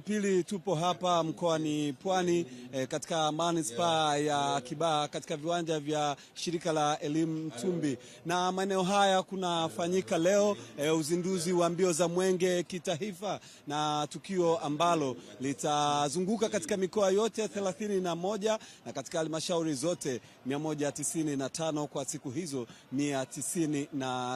Pilipili tupo hapa mkoani Pwani e, katika manispaa ya Kibaha katika viwanja vya shirika la elimu Mtumbi, na maeneo haya kunafanyika leo e, uzinduzi wa mbio za mwenge kitaifa, na tukio ambalo litazunguka katika mikoa yote thelathini na moja na katika halmashauri zote tano kwa siku hizo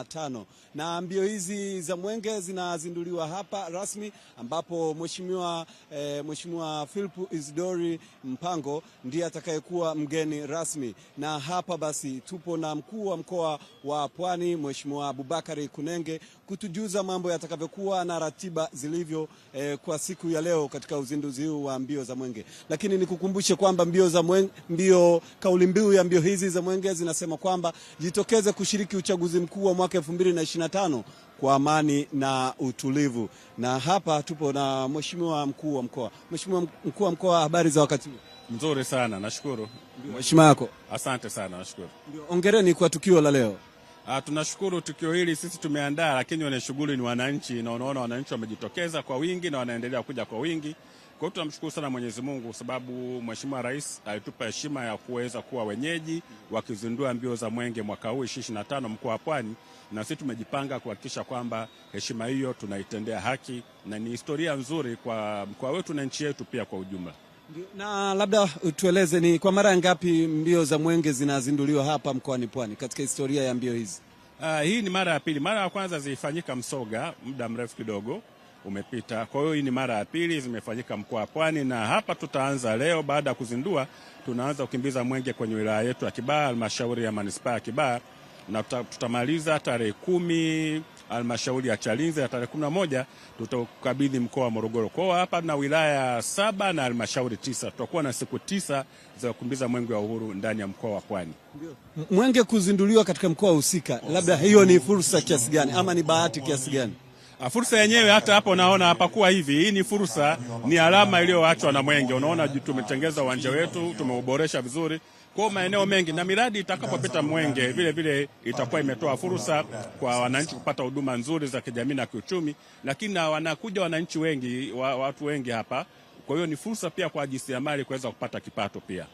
tano na mbio hizi za mwenge zinazinduliwa hapa rasmi ambapo mheshimiwa Mheshimiwa eh, Mheshimiwa Philip Isidori Mpango ndiye atakayekuwa mgeni rasmi, na hapa basi tupo na mkuu wa mkoa wa Pwani Mheshimiwa Abubakari Kunenge kutujuza mambo yatakavyokuwa na ratiba zilivyo eh, kwa siku ya leo katika uzinduzi huu wa mbio za mwenge. Lakini nikukumbushe kwamba mbio za mwenge, mbio kauli mbiu ya mbio hizi za mwenge zinasema kwamba jitokeze kushiriki uchaguzi mkuu wa mwaka 2025 kwa amani na utulivu. Na hapa tupo na mheshimiwa mkuu wa mkoa. Mheshimiwa mkuu wa mkoa, habari za wakati huu? Nzuri sana nashukuru. Mheshimiwa yako, asante sana nashukuru. Ndio, ongereni kwa tukio la leo. Ah, tunashukuru tukio hili sisi tumeandaa, lakini wenye shughuli ni wananchi, na unaona wananchi wamejitokeza kwa wingi na wanaendelea kuja kwa wingi. Kwa hiyo tunamshukuru sana Mwenyezi Mungu kwa sababu Mheshimiwa Rais alitupa heshima ya kuweza kuwa wenyeji wakizindua mbio za Mwenge mwaka huu 25 mkoa wa Pwani, na sisi tumejipanga kuhakikisha kwamba heshima hiyo tunaitendea haki na ni historia nzuri kwa mkoa wetu na nchi yetu pia kwa ujumla. Na labda utueleze ni kwa mara ngapi mbio za Mwenge zinazinduliwa hapa mkoani Pwani katika historia ya mbio hizi? Uh, hii ni mara ya pili. Mara ya kwanza zilifanyika Msoga muda mrefu kidogo umepita. Kwa hiyo hii ni mara ya pili zimefanyika mkoa wa Pwani, na hapa tutaanza leo. Baada ya kuzindua, tunaanza kukimbiza mwenge kwenye wilaya yetu ya Kibaha, halmashauri ya manispaa ya Kibaha, na tutamaliza tarehe kumi halmashauri ya Chalinze, na tarehe kumi na moja tutakabidhi mkoa wa Morogoro. Kwa hiyo hapa na wilaya saba na halmashauri tisa, tutakuwa na siku tisa za kukimbiza mwenge wa uhuru ndani ya mkoa wa Pwani. Mwenge kuzinduliwa katika mkoa husika, labda hiyo ni fursa kiasi gani ama ni bahati kiasi gani? Ah, fursa yenyewe hata hapo naona hapakuwa hivi. Hii ni fursa, ni alama iliyoachwa na Mwenge. Unaona, tumetengeza uwanja wetu, tumeuboresha vizuri kwa maeneo mengi, na miradi itakapopita Mwenge vile vile itakuwa imetoa fursa kwa wananchi kupata huduma nzuri za kijamii na kiuchumi, lakini na wanakuja wananchi wengi, watu wengi hapa kwa hiyo ni fursa pia kwa wajasiriamali kuweza kupata kipato pia.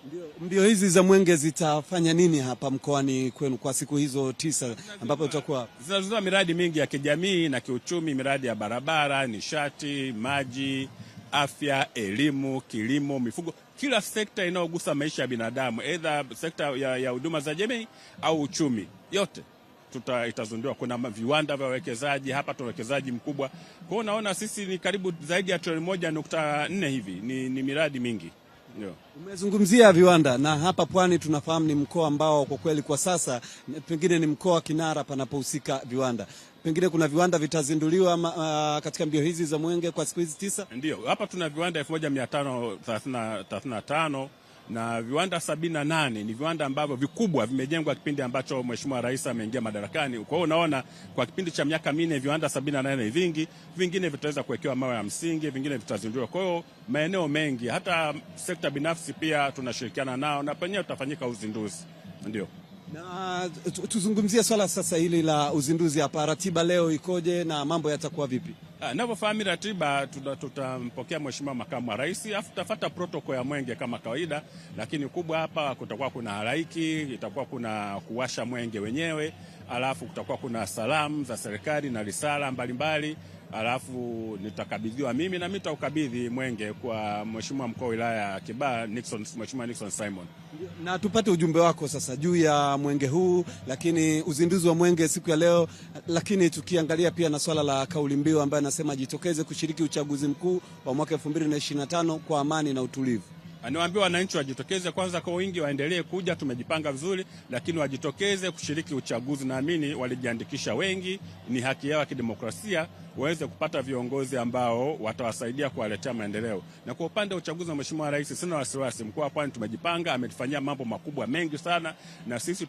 Mbio hizi za mwenge zitafanya nini hapa mkoani kwenu kwa siku hizo tisa ambapo tutakuwa? Zinazuzua miradi mingi ya kijamii na kiuchumi, miradi ya barabara, nishati, maji, afya, elimu, kilimo, mifugo kila sekta inayogusa maisha ya binadamu, aidha sekta ya huduma za jamii au uchumi, yote tuta, itazinduliwa. Kuna viwanda vya wawekezaji hapa, tuna uwekezaji mkubwa kwao. Unaona sisi ni karibu zaidi ya trilioni moja nukta nne hivi, ni, ni miradi mingi ndio. Umezungumzia viwanda na hapa Pwani tunafahamu ni mkoa ambao kwa kweli kwa sasa pengine ni mkoa kinara panapohusika viwanda pengine kuna viwanda vitazinduliwa uh, katika mbio hizi za Mwenge kwa siku hizi tisa. Ndio, hapa tuna viwanda elfu na viwanda sabini na nane ni viwanda ambavyo vikubwa vimejengwa kipindi ambacho Mheshimiwa Rais ameingia madarakani. Kwa hiyo unaona kwa kipindi cha miaka minne viwanda sabini na nane vingi, vingine vitaweza kuwekewa mawe ya msingi, vingine vitazinduliwa. Kwa hiyo maeneo mengi, hata sekta binafsi pia tunashirikiana nao na penyewe tutafanyika uzinduzi, ndio. Na tuzungumzie swala sasa hili la uzinduzi hapa, ratiba leo ikoje na mambo yatakuwa vipi? Ah, ninavyofahamu ratiba, tutampokea mheshimiwa makamu wa rais, afu tutafuata protokoli ya mwenge kama kawaida, lakini kubwa hapa kutakuwa kuna halaiki, itakuwa kuna kuwasha mwenge wenyewe, alafu kutakuwa kuna salamu za serikali na risala mbalimbali mbali alafu nitakabidhiwa mimi na mimi nitaukabidhi mwenge kwa mheshimiwa mkuu wa wilaya ya Kibaha Nixon, mheshimiwa Nixon Simon. Na tupate ujumbe wako sasa juu ya mwenge huu, lakini uzinduzi wa mwenge siku ya leo, lakini tukiangalia pia na swala la kauli mbiu ambayo anasema jitokeze kushiriki uchaguzi mkuu wa mwaka 2025 kwa amani na utulivu niwaambie wananchi wajitokeze kwanza kwa wingi, waendelee kuja, tumejipanga vizuri, lakini wajitokeze kushiriki uchaguzi. Naamini walijiandikisha wengi, ni haki yao ya kidemokrasia waweze kupata viongozi ambao watawasaidia kuwaletea maendeleo. Na kwa upande wa uchaguzi wa Mheshimiwa Rais, sina wasiwasi. Mkoa wa Pwani tumejipanga, ametufanyia mambo makubwa mengi sana, na sisi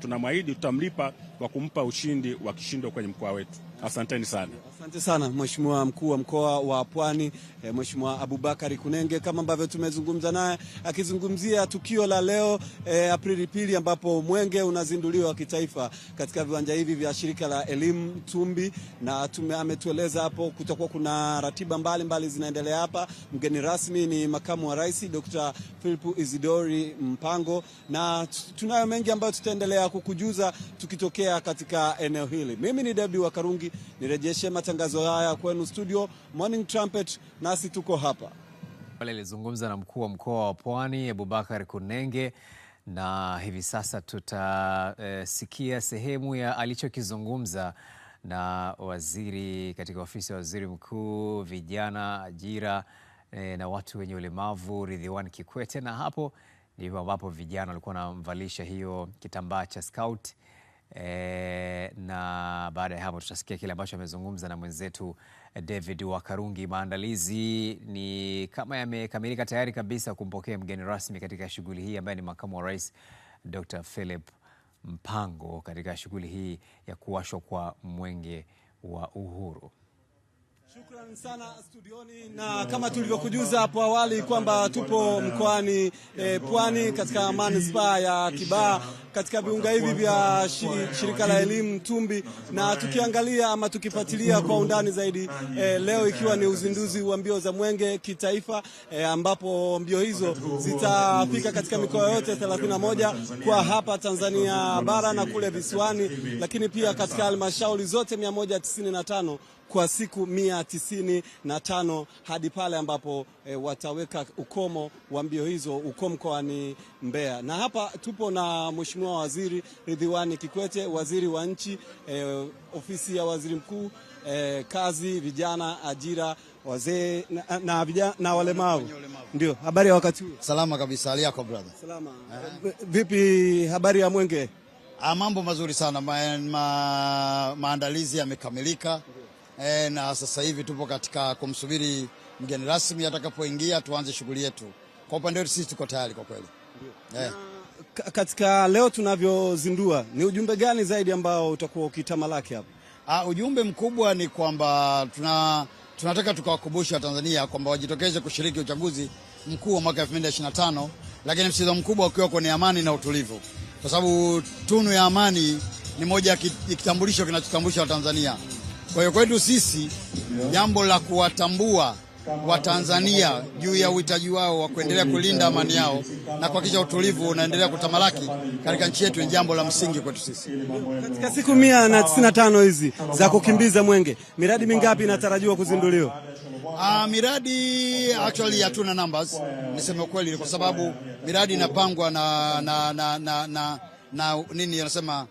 tunamwahidi tutamlipa kwa kumpa ushindi wa kishindo kwenye mkoa wetu. Asanteni sana. Asante sana Mheshimiwa mkuu wa mkoa wa Pwani eh, Mheshimiwa Abubakari Kunenge, kama ambavyo tumezungumza naye akizungumzia tukio la leo e, Aprili pili, ambapo mwenge unazinduliwa kitaifa katika viwanja hivi vya shirika la elimu Tumbi, na tume ametueleza hapo kutakuwa kuna ratiba mbalimbali mbali zinaendelea hapa. Mgeni rasmi ni makamu wa rais Dr. Philip Isidori Mpango, na tunayo mengi ambayo tutaendelea kukujuza tukitokea katika eneo hili. Mimi ni Debbie Wakarungi nirejeshe matangazo haya kwenu studio. Morning Trumpet, nasi tuko hapa. Alizungumza na mkuu wa mkoa wa Pwani Abubakar Kunenge, na hivi sasa tutasikia e, sehemu ya alichokizungumza na waziri katika ofisi ya waziri mkuu, vijana, ajira e, na watu wenye ulemavu Ridhiwani Kikwete, na hapo ndivyo ambapo vijana walikuwa wanamvalisha hiyo kitambaa cha skauti e, na baada ya hapo tutasikia kile ambacho amezungumza na mwenzetu eh, David Wakarungi. Maandalizi ni kama yamekamilika tayari kabisa kumpokea mgeni rasmi katika shughuli hii ambaye ni makamu wa rais Dr. Philip Mpango katika shughuli hii ya kuwashwa kwa mwenge wa uhuru. Shukrani sana studioni, na kama tulivyokujuza hapo awali kwamba tupo mkoani e, Pwani katika manispaa ya Kibaha katika viunga hivi vya shirika la elimu Tumbi, na tukiangalia ama tukifuatilia kwa undani zaidi e, leo ikiwa ni uzinduzi wa mbio za mwenge kitaifa e, ambapo mbio hizo zitafika katika mikoa yote 31 kwa hapa Tanzania bara na kule visiwani, lakini pia katika halmashauri zote 195 kwa siku mia tisini na tano hadi pale ambapo e, wataweka ukomo wa mbio hizo uko mkoani Mbeya. Na hapa tupo na Mheshimiwa Waziri Ridhiwani Kikwete, waziri wa nchi e, ofisi ya waziri mkuu e, kazi, vijana, ajira, wazee na, na, vijana, na walemavu. Ndio habari ya wakati huu. Salama kabisa, hali yako brother? Salama. Vipi habari ya Mwenge? Ah, mambo mazuri sana ma, ma, maandalizi yamekamilika e, na sasa hivi tupo katika kumsubiri mgeni rasmi atakapoingia tuanze shughuli yetu. Kwa upande wetu sisi tuko tayari kwa kweli yeah. E. Katika leo tunavyozindua, ni ujumbe gani zaidi ambao utakuwa ukitamalaki hapa? Uh, ujumbe mkubwa ni kwamba tuna, tunataka tukawakumbusha Watanzania kwamba wajitokeze kushiriki uchaguzi mkuu wa mwaka 2025 lakini mchezo mkubwa ukiwa kwenye amani na utulivu, kwa sababu tunu ya amani ni moja ya kitambulisho kinachotambulisha Watanzania. Kwa hiyo kwetu sisi jambo la kuwatambua Watanzania juu ya uhitaji wao wa kuendelea kulinda amani yao na kuhakikisha utulivu unaendelea kutamalaki katika nchi yetu ni jambo la msingi kwetu sisi. Katika siku mia na tisini na tano hizi za kukimbiza mwenge, miradi mingapi inatarajiwa kuzinduliwa? Uh, miradi actually hatuna numbers, niseme ukweli, kwa sababu miradi inapangwa na, na, na, na, na, na nini anasema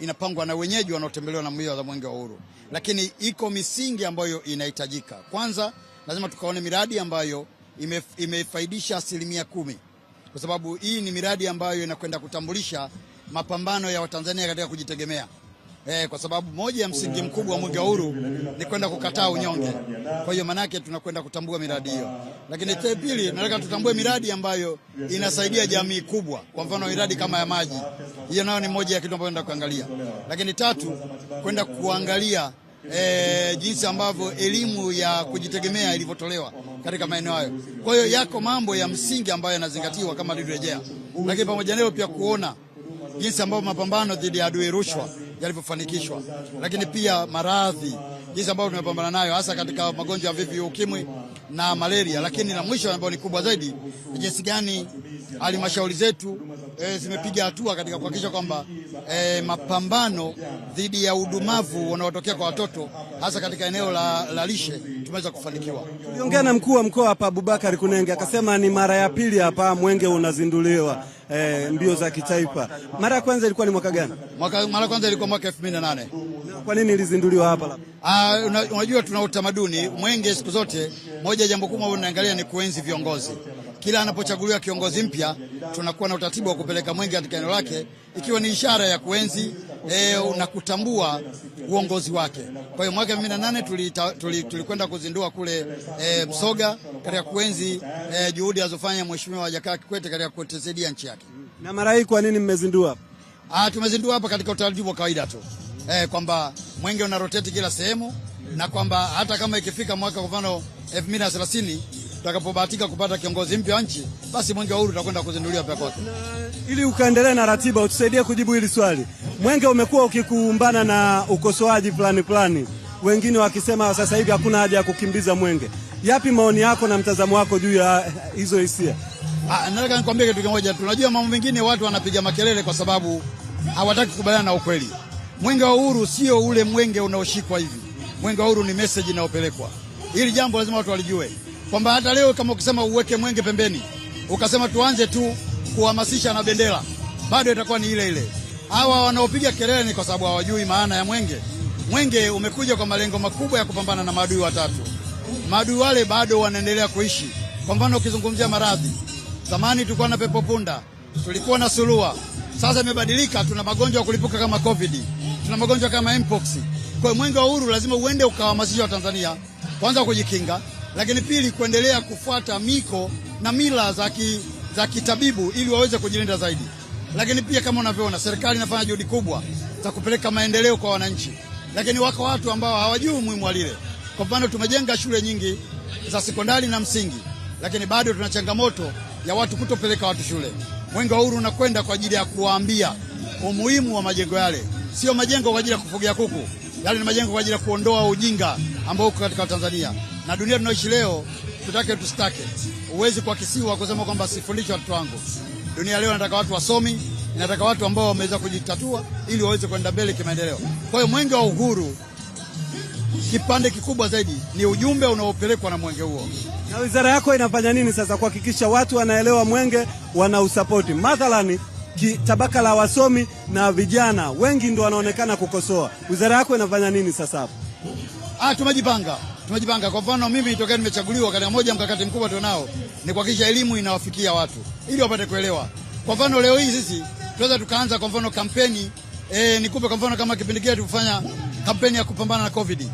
inapangwa na wenyeji wanaotembelewa na mbio za mwenge wa uhuru lakini iko misingi ambayo inahitajika. Kwanza lazima tukaone miradi ambayo ime, imefaidisha asilimia kumi, kwa sababu hii ni miradi ambayo inakwenda kutambulisha mapambano ya Watanzania katika kujitegemea eh, kwa sababu moja ya msingi mkubwa wa mwenge huru ni kwenda kukataa unyonge. Kwa hiyo maanake tunakwenda kutambua miradi hiyo, lakini pili, nataka tutambue miradi ambayo inasaidia jamii kubwa, kwa mfano miradi kama ya maji, hiyo nayo ni moja ya kitu ambayo kuangalia. Lakini tatu, kwenda kuangalia E, jinsi ambavyo elimu ya kujitegemea ilivyotolewa katika maeneo hayo. Kwa hiyo yako mambo ya msingi ambayo yanazingatiwa kama lilirejea, lakini pamoja nayo pia kuona jinsi ambavyo mapambano dhidi ya adui rushwa yalivyofanikishwa, lakini pia maradhi, jinsi ambavyo tumepambana nayo hasa katika magonjwa ya vivi ukimwi na malaria, lakini la mwisho ambayo ni kubwa zaidi ni jinsi gani halmashauri zetu e, zimepiga hatua katika kuhakikisha kwamba e, mapambano dhidi ya udumavu unaotokea kwa watoto hasa katika eneo la, la lishe tumeweza kufanikiwa. Tuliongea na mkuu wa mkoa hapa Abubakar Kunenge akasema ni mara ya pili hapa mwenge unazinduliwa eh, mbio za kitaifa. Mara ya kwanza ilikuwa ni mwaka gani? Mwaka, mara ya kwanza ilikuwa mwaka 2008. Kwa nini ilizinduliwa hapa labda? Ah, unajua tuna utamaduni mwenge siku zote, moja jambo kubwa unaangalia ni kuenzi viongozi kila anapochaguliwa kiongozi mpya tunakuwa na utaratibu wa kupeleka mwenge katika eneo lake, ikiwa ni ishara ya kuenzi na eh, unakutambua uongozi wake. Kwa hiyo mwaka 2008 tulikwenda tuli, tuli kuzindua kule e, Msoga katika kuenzi e, juhudi alizofanya Mheshimiwa Jakaya Kikwete katika kutusaidia nchi yake. Na mara hii kwa nini mmezindua? Ah, tumezindua hapa katika utaratibu wa kawaida tu e, kwamba mwenge una roteti kila sehemu na kwamba hata kama ikifika mwaka kwa mfano 2030 tutakapobahatika kupata kiongozi mpya wa nchi, basi mwenge wa uhuru utakwenda kuzinduliwa pia Ili ukaendelea na ratiba, utusaidie kujibu hili swali. Mwenge umekuwa ukikumbana na ukosoaji fulani fulani, wengine wakisema sasa hivi hakuna haja ya kukimbiza mwenge. Yapi maoni yako na mtazamo wako juu ya hizo hisia? Ah, nataka nikwambie kitu kimoja tu. Unajua, mambo mengine watu wanapiga makelele kwa sababu hawataki kukubaliana na ukweli. Mwenge wa uhuru sio ule mwenge unaoshikwa hivi. Mwenge wa uhuru ni message inayopelekwa. Hili jambo lazima watu walijue kwamba hata leo kama ukisema uweke mwenge pembeni ukasema tuanze tu kuhamasisha na bendera bado itakuwa ni ile ile. Hawa wanaopiga kelele ni kwa sababu hawajui maana ya mwenge. Mwenge umekuja kwa malengo makubwa ya kupambana na maadui watatu. Maadui wale bado wanaendelea kuishi. Kwa mfano, ukizungumzia maradhi, zamani tulikuwa na pepo punda, tulikuwa na surua, sasa imebadilika, tuna magonjwa ya kulipuka kama COVID, tuna magonjwa kama mpox. Kwa hiyo mwenge wa uhuru lazima uende ukahamasisha Watanzania kwanza kujikinga lakini pili kuendelea kufuata miko na mila za ki, za kitabibu ili waweze kujilinda zaidi. Lakini pia kama unavyoona, serikali inafanya juhudi kubwa za kupeleka maendeleo kwa wananchi, lakini wako watu ambao hawajui umuhimu wa lile. Kwa mfano, tumejenga shule nyingi za sekondari na msingi, lakini bado tuna changamoto ya watu kutopeleka watu shule. Mwenge wa Uhuru unakwenda kwa ajili ya kuwaambia umuhimu wa majengo yale. Sio majengo kwa ajili ya kufugia kuku, yale ni majengo kwa ajili ya kuondoa ujinga ambao uko katika Tanzania na dunia tunaoishi leo, tutake tusitake, huwezi kwa kisiwa kusema kwamba sifundishi watoto wangu. Dunia leo nataka watu wasomi, nataka watu ambao wameweza kujitatua ili waweze kwenda mbele kimaendeleo. Kwa hiyo mwenge wa uhuru kipande kikubwa zaidi ni ujumbe unaopelekwa na mwenge huo. Na wizara yako inafanya nini sasa kuhakikisha watu wanaelewa mwenge, wanausapoti? Mathalani tabaka la wasomi na vijana wengi ndio wanaonekana kukosoa. Wizara yako inafanya nini sasa hapo? Ah, tumejipanga tumejipanga. Kwa mfano mimi tokea nimechaguliwa, katika moja mkakati mkubwa tunao ni kuhakikisha elimu inawafikia watu ili wapate kuelewa. Kwa mfano leo hii sisi tunaweza tukaanza kwa mfano kampeni e, nikupe kwa mfano kama kipindi kile tulifanya kampeni ya kupambana na COVID,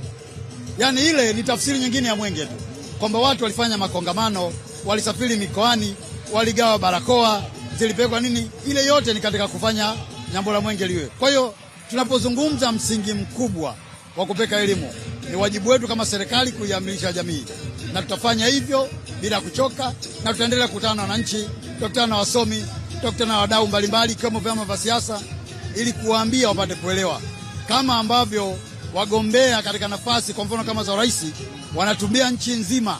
yani ile ni tafsiri nyingine ya mwenge tu kwamba watu walifanya makongamano, walisafiri mikoani, waligawa barakoa zilipelekwa nini, ile yote ni katika kufanya jambo la mwenge liwe. Kwa hiyo tunapozungumza msingi mkubwa wa kupeka elimu ni wajibu wetu kama serikali kuiamilisha jamii, na tutafanya hivyo bila kuchoka, na tutaendelea kukutana na wananchi, tutakutana na wasomi, tutakutana na wadau mbalimbali ikiwemo vyama vya siasa, ili kuwaambia wapate kuelewa, kama ambavyo wagombea katika nafasi kwa mfano kama za urais wanatumia nchi nzima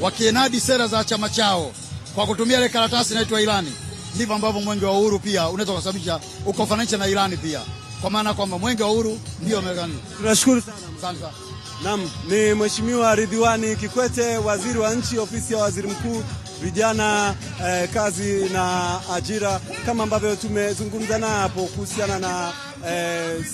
wakienadi sera za chama chao kwa kutumia ile karatasi inaitwa ilani. Ndivyo ambavyo mwenge wa uhuru pia unaweza kusababisha ukofananisha na ilani pia, kwa maana kwamba mwenge wa uhuru ndio. Tunashukuru sana. Asante sana. Naam, ni Mheshimiwa Ridhiwani Kikwete, waziri wa nchi ofisi ya waziri mkuu vijana eh, kazi na ajira, kama ambavyo tumezungumza na hapo kuhusiana na eh,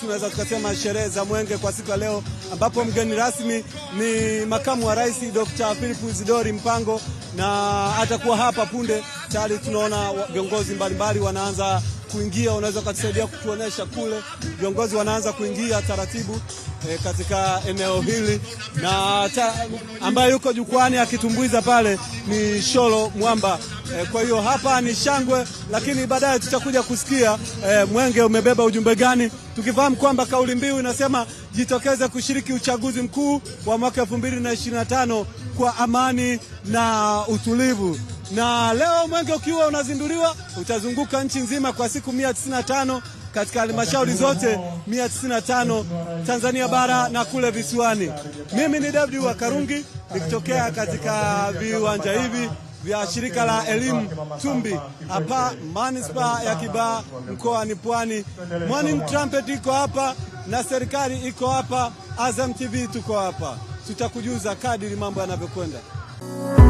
tunaweza tukasema sherehe za mwenge kwa siku ya leo, ambapo mgeni rasmi ni makamu wa rais Dr. Philip Isidori Mpango na atakuwa hapa punde. Tayari tunaona viongozi mbalimbali wanaanza kuingia, unaweza ukatusaidia kutuonesha kule. Viongozi wanaanza kuingia taratibu e, katika eneo hili, na ambaye yuko jukwani akitumbuiza pale ni Sholo Mwamba. E, kwa hiyo hapa ni shangwe, lakini baadaye tutakuja kusikia e, mwenge umebeba ujumbe gani, tukifahamu kwamba kauli mbiu inasema jitokeze kushiriki uchaguzi mkuu wa mwaka 2025 kwa amani na utulivu na leo mwenge ukiwa unazinduliwa utazunguka nchi nzima kwa siku 195 katika halmashauri zote 195 Tanzania bara na kule visiwani. Mimi ni David wa Karungi nikitokea katika viwanja hivi vya shirika la elimu Tumbi hapa manispaa ya mkoa mkoani Pwani. Morning Trumpet iko hapa na serikali iko hapa, Azam TV tuko hapa, tutakujuza kadiri mambo yanavyokwenda.